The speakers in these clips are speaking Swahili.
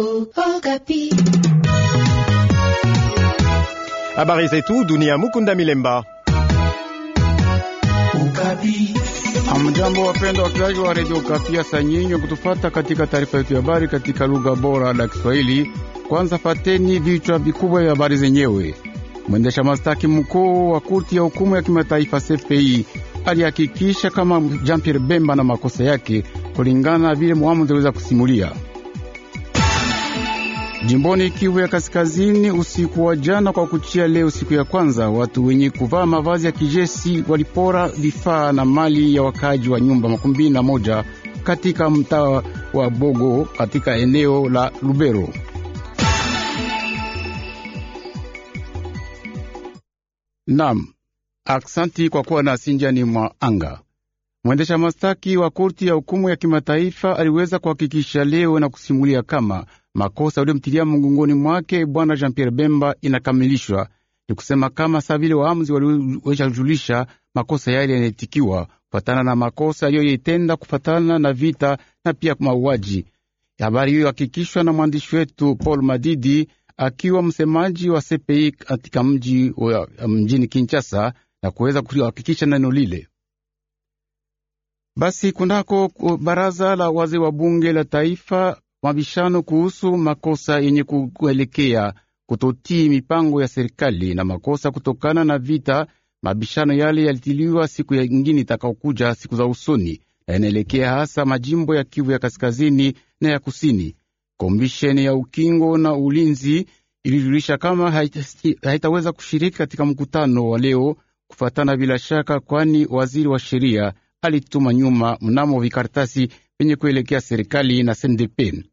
Okapi. Habari zetu dunia, Mukunda Milemba. Amjambo, wapendwa wasikilizaji wa redio Okapi, asanyinyi kutufata katika taarifa yetu ya habari katika lugha bora la Kiswahili. Kwanza fateni vichwa vikubwa vya habari zenyewe. Mwendesha mastaki mkuu wa kuti ya hukumu ya kimataifa CPI alihakikisha kama Jean Pierre Bemba na makosa yake kulingana na vile mwamuzi aliweza kusimulia Jimboni Kivu ya Kaskazini, usiku wa jana kwa kuchia leo, siku ya kwanza, watu wenye kuvaa mavazi ya kijeshi walipora vifaa na mali ya wakaaji wa nyumba makumi mbili na moja katika mtaa wa Bogo katika eneo la Lubero. Nam, aksanti kwa kuwa na sinjani mwa anga. Mwendesha mastaki wa korti ya hukumu ya kimataifa aliweza kuhakikisha leo na kusimulia kama makosa waliomtilia mgongoni mwake bwana Jean Pierre Bemba inakamilishwa. Ni kusema kama saa vile waamuzi waliwezajulisha makosa yale yanayetikiwa kufatana na makosa aliyoyitenda kufatana na vita na pia mauaji. Habari hiyo hakikishwa na mwandishi wetu Paul Madidi akiwa msemaji wa CPI katika mji mjini Kinshasa na kuweza kuhakikisha neno lile. Basi kunako baraza la wazee wa bunge la taifa mabishano kuhusu makosa yenye kuelekea kutotii mipango ya serikali na makosa kutokana na vita. Mabishano yale yalitiliwa siku ya ingine itakaokuja siku za usoni, na yanaelekea hasa majimbo ya Kivu ya kaskazini na ya kusini. Komisheni ya ukingo na ulinzi ilijulisha kama haitaweza kushiriki katika mkutano wa leo kufatana bila shaka, kwani waziri wa sheria alituma nyuma mnamo vikaratasi vyenye kuelekea serikali na SNDP.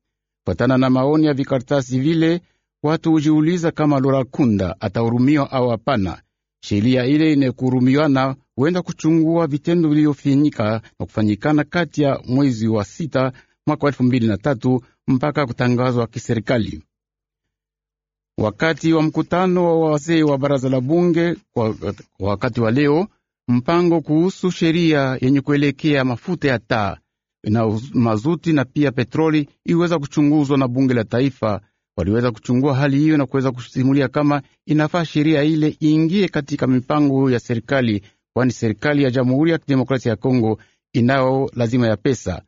Kufatana na maoni ya vikaratasi vile, watu hujiuliza kama Kunda atahurumiwa au hapana. Sheria ile inekuhurumiwana huenda kuchungua vitendo vilivyofinyika na kufanyikana kati ya mwezi wa sita mwaka wa elfu mbili na tatu mpaka kutangazwa kiserikali. Wakati wa mkutano wa wazee wa baraza la bunge kwa wakati wa leo, mpango kuhusu sheria yenye kuelekea mafuta ya taa na mazuti na pia petroli iweza kuchunguzwa na bunge la taifa. Waliweza kuchungua hali hiyo na kuweza kusimulia kama inafaa sheria ile iingie katika mipango ya serikali, kwani serikali ya Jamhuri ya Kidemokrasia ya Kongo inayo lazima ya pesa.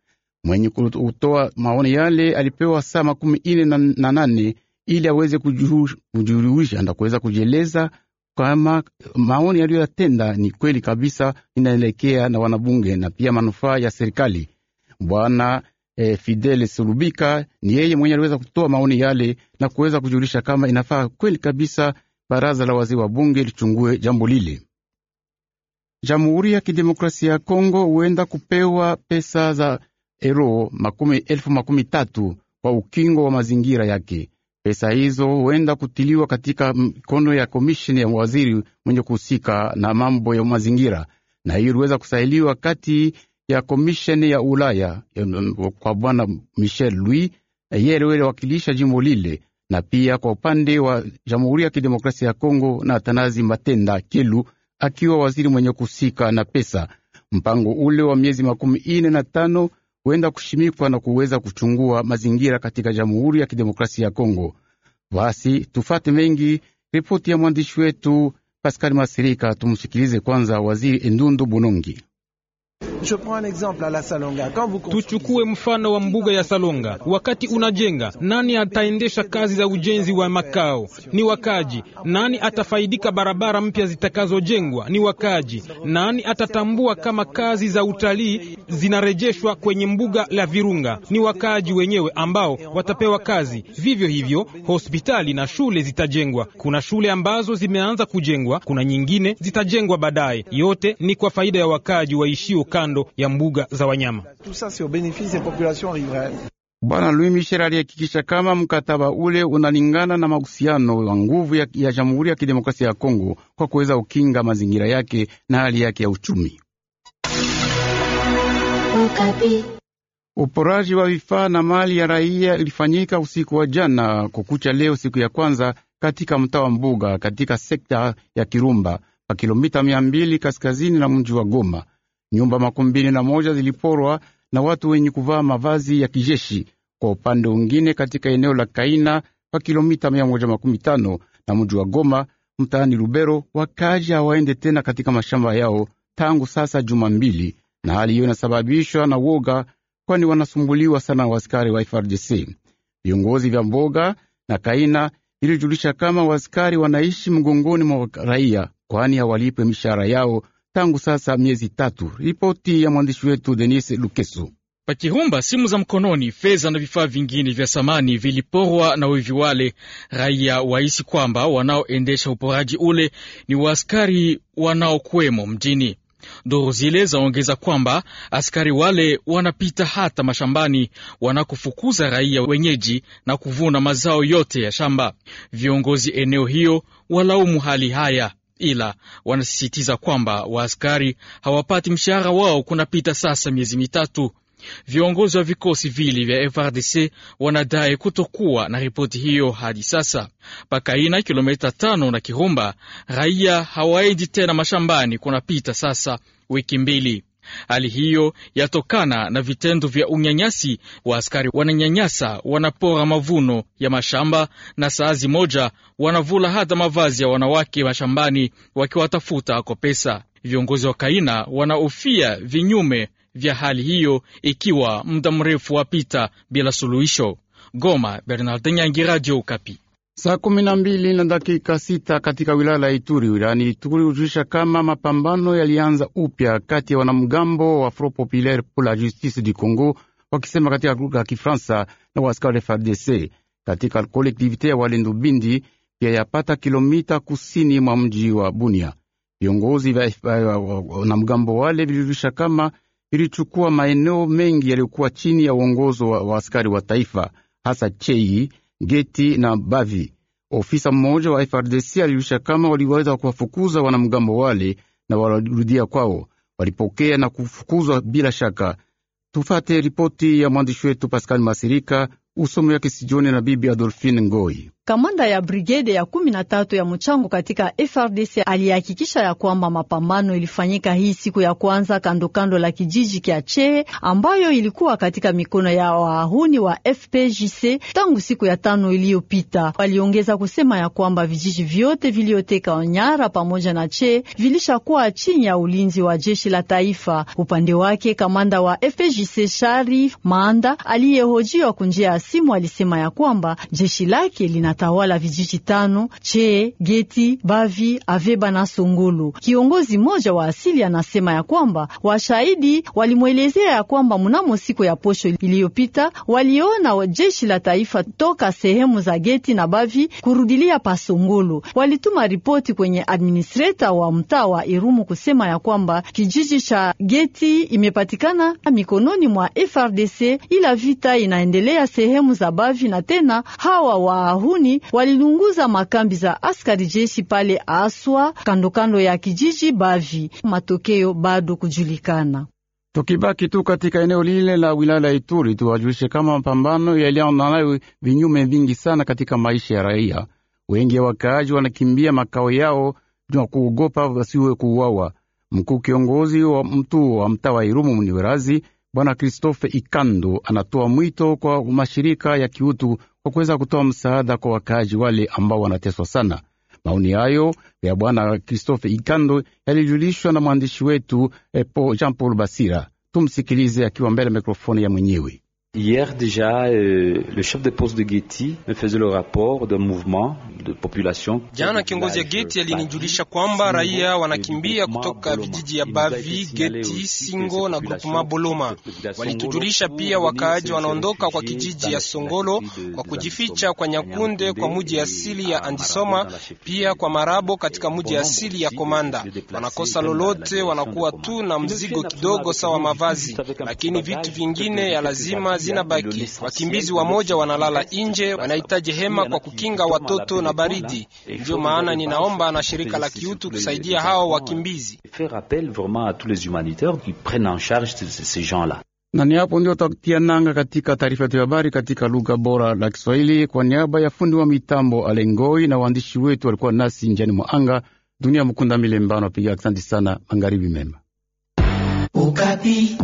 Mwenye kutoa maoni yale alipewa saa makumi ine na nane ili aweze kujuruisha na kuweza kujieleza kama maoni aliyoyatenda ni kweli kabisa, inaelekea na wanabunge na pia manufaa ya serikali. Bwana e, eh, Fidelis Sulubika ni yeye mwenye aliweza kutoa maoni yale na kuweza kujulisha kama inafaa kweli kabisa baraza la wazee wa bunge lichungue jambo lile. Jamhuri ya Kidemokrasia ya Kongo huenda kupewa pesa za ero makumi elfu makumi tatu kwa ukingo wa mazingira yake. Pesa hizo huenda kutiliwa katika mikono ya komisheni ya waziri mwenye kuhusika na mambo ya mazingira, na hiyo iliweza kusailiwa kati ya komisheni ya Ulaya kwa bwana Michel Louis, yeye aliwakilisha jimbo lile, na pia kwa upande wa Jamhuri ya Kidemokrasia ya Kongo na Atanazi Matenda Kelu akiwa waziri mwenye kusika na pesa. Mpango ule wa miezi makumi ine na tano huenda kushimikwa na kuweza kuchungua mazingira katika Jamhuri ya Kidemokrasia ya Kongo. Basi tufate mengi ripoti ya mwandishi wetu Paskali Masirika. Tumsikilize kwanza Waziri Endundu Bunongi. Tuchukue mfano wa mbuga ya Salonga. Wakati unajenga, nani ataendesha kazi za ujenzi wa makao? Ni wakaji. Nani atafaidika? Barabara mpya zitakazojengwa ni wakaji. Nani atatambua kama kazi za utalii zinarejeshwa kwenye mbuga la Virunga? Ni wakaji wenyewe ambao watapewa kazi. Vivyo hivyo, hospitali na shule zitajengwa. Kuna shule ambazo zimeanza kujengwa, kuna nyingine zitajengwa baadaye. Yote ni kwa faida ya wakaji waishio kando ya mbuga za wanyama. Bwana Louis Michel alihakikisha kama mkataba ule unalingana na mahusiano ya nguvu ya, ya Jamhuri ya Kidemokrasia ya Kongo kwa kuweza kukinga mazingira yake na hali yake ya uchumi. Uporaji wa vifaa na mali ya raia ilifanyika usiku wa jana kukucha leo siku ya kwanza katika mtaa wa Mbuga katika sekta ya Kirumba pa kilomita mia mbili kaskazini na mji wa Goma. Nyumba makumi mbili na moja ziliporwa na watu wenye kuvaa mavazi ya kijeshi. Kwa upande mwingine, katika eneo la Kaina kwa kilomita mia moja makumi tano na mji wa Goma mtaani Lubero, wakaji hawaende tena katika mashamba yao tangu sasa juma mbili, na hali hiyo inasababishwa na woga, kwani wanasumbuliwa sana na wasikari wa FRDC. Viongozi vya mboga na Kaina ilijulisha kama wasikari wanaishi mgongoni mwa raia, kwani hawalipwe mishahara yao tangu sasa miezi tatu. Ripoti ya mwandishi wetu Denis Lukeso. Pakirumba, simu za mkononi, fedha na vifaa vingine vya samani viliporwa na wevi wale. Raia wahisi kwamba wanaoendesha uporaji ule ni waaskari wanaokuwemo mjini. Duru zile zaongeza kwamba askari wale wanapita hata mashambani wanakufukuza raia wenyeji na kuvuna mazao yote ya shamba. Viongozi eneo hiyo walaumu hali haya ila wanasisitiza kwamba waaskari hawapati mshahara wao kunapita sasa miezi mitatu. Viongozi wa vikosi vili vya FRDC wanadai kutokuwa na ripoti hiyo hadi sasa. Pakaina, kilomita tano na Kirumba, raia hawaendi tena mashambani kunapita sasa wiki mbili. Hali hiyo yatokana na vitendo vya unyanyasi wa askari, wananyanyasa, wanapora mavuno ya mashamba na saazi moja wanavula hata mavazi ya wanawake mashambani, wakiwatafuta kwa pesa. Viongozi wa Kaina wanaofia vinyume vya hali hiyo ikiwa muda mrefu wapita bila suluhisho. Goma, bernard nyangi Radio Okapi. Saa kumi na mbili na dakika sita katika wilaya la Ituri wilayani Ituri hujulisha kama mapambano yalianza upya kati ya wanamgambo wa Front Populaire pour la Justice du Congo wakisema katika lugha ya Kifransa na waaskari wa FARDC katika kolektivite ya Walendu Bindi pia yapata kilomita kusini mwa mji wa Bunia. Viongozi vya wanamgambo wale vilijulisha kama vilichukua maeneo mengi yaliyokuwa chini ya uongozo wa waaskari wa taifa hasa Chei Geti na Bavi. Ofisa mmoja wa FRDC alijulisha kama waliweza kuwafukuza wanamgambo wale na walirudia kwao, walipokea na kufukuzwa bila shaka. Tufate ripoti ya mwandishi wetu Pascal Masirika, usomo wake sijione na bibi Adolfine Ngoi. Kamanda ya brigade ya kumi na tatu ya mchango katika FRDC alihakikisha ya kwamba mapambano ilifanyika hii siku ya kwanza kandokando kando la kijiji kya Chee ambayo ilikuwa katika mikono ya wahuni wa FPJC tangu siku ya tano iliyopita. Waliongeza kusema ya kwamba vijiji vyote vilioteka onyara pamoja na Chee vilishakuwa chini ya ulinzi wa jeshi la taifa. Upande wake kamanda wa FPJC Sharif Maanda aliyehojiwa kunjia ya simu alisema ya kwamba jeshi lake lina watawala vijiji tano che Geti, Bavi, Aveba na Songolo. Kiongozi mmoja wa asili anasema ya kwamba washahidi walimwelezea ya kwamba mnamo siku ya posho iliyopita waliona jeshi la taifa toka sehemu za Geti na Bavi kurudilia pasongolo. Walituma ripoti kwenye administreta wa mtaa wa Irumu kusema ya kwamba kijiji cha Geti imepatikana mikononi mwa FRDC, ila vita inaendelea sehemu za Bavi na tena hawa waahuni karibuni walilunguza makambi za askari jeshi pale Aswa, kandokando ya kijiji Bavi. Matokeo bado kujulikana. Tukibaki tu katika eneo lile la wilaya ya Ituri, tuwajulishe kama mapambano yaliananayo vinyume vingi sana katika maisha ya raia wengi. Wakaaji wanakimbia makao yao jua kuogopa wasiwe kuuawa. Mkuu kiongozi wa mtu wa mtaa wa Irumu Mniwerazi Bwana Kristofe Ikando anatoa mwito kwa mashirika ya kiutu kwa kuweza kutoa msaada kwa wakaaji wale ambao wanateswa sana. Maoni hayo ya Bwana Kristofe Ikando yalijulishwa na mwandishi wetu eh, Jean Paul Basira. Tumsikilize akiwa mbele ya mikrofoni ya mwenyewe. Hier déjà, euh, le chef de poste de Getty me faisait le rapport d'un mouvement de population. Jana kiongozi ya Geti alinijulisha kwamba raia wanakimbia kutoka vijiji ya Bavi, Geti, Singo na Grupema Boloma. Walitujulisha pia wakaaji wanaondoka kwa kijiji ya Songolo kwa kujificha kwa Nyakunde kwa muji asili ya Andisoma, pia kwa Marabo katika muji asili ya Komanda. Wanakosa lolote, wanakuwa tu na mzigo kidogo sawa mavazi, lakini vitu vingine ya lazima hazina baki. Wakimbizi wamoja wanalala nje, wanahitaji hema kwa kukinga watoto na baridi. Ndio maana ninaomba na shirika la kiutu kusaidia hao wakimbizi. Na ni hapo ndio tatia nanga katika taarifa yetu ya habari katika lugha bora la Kiswahili, kwa niaba ya fundi wa mitambo Alengoi na waandishi wetu walikuwa nasi njiani mwa anga. Dunia Mkunda Milembano apiga asante sana. Magharibi mema. Ukapi.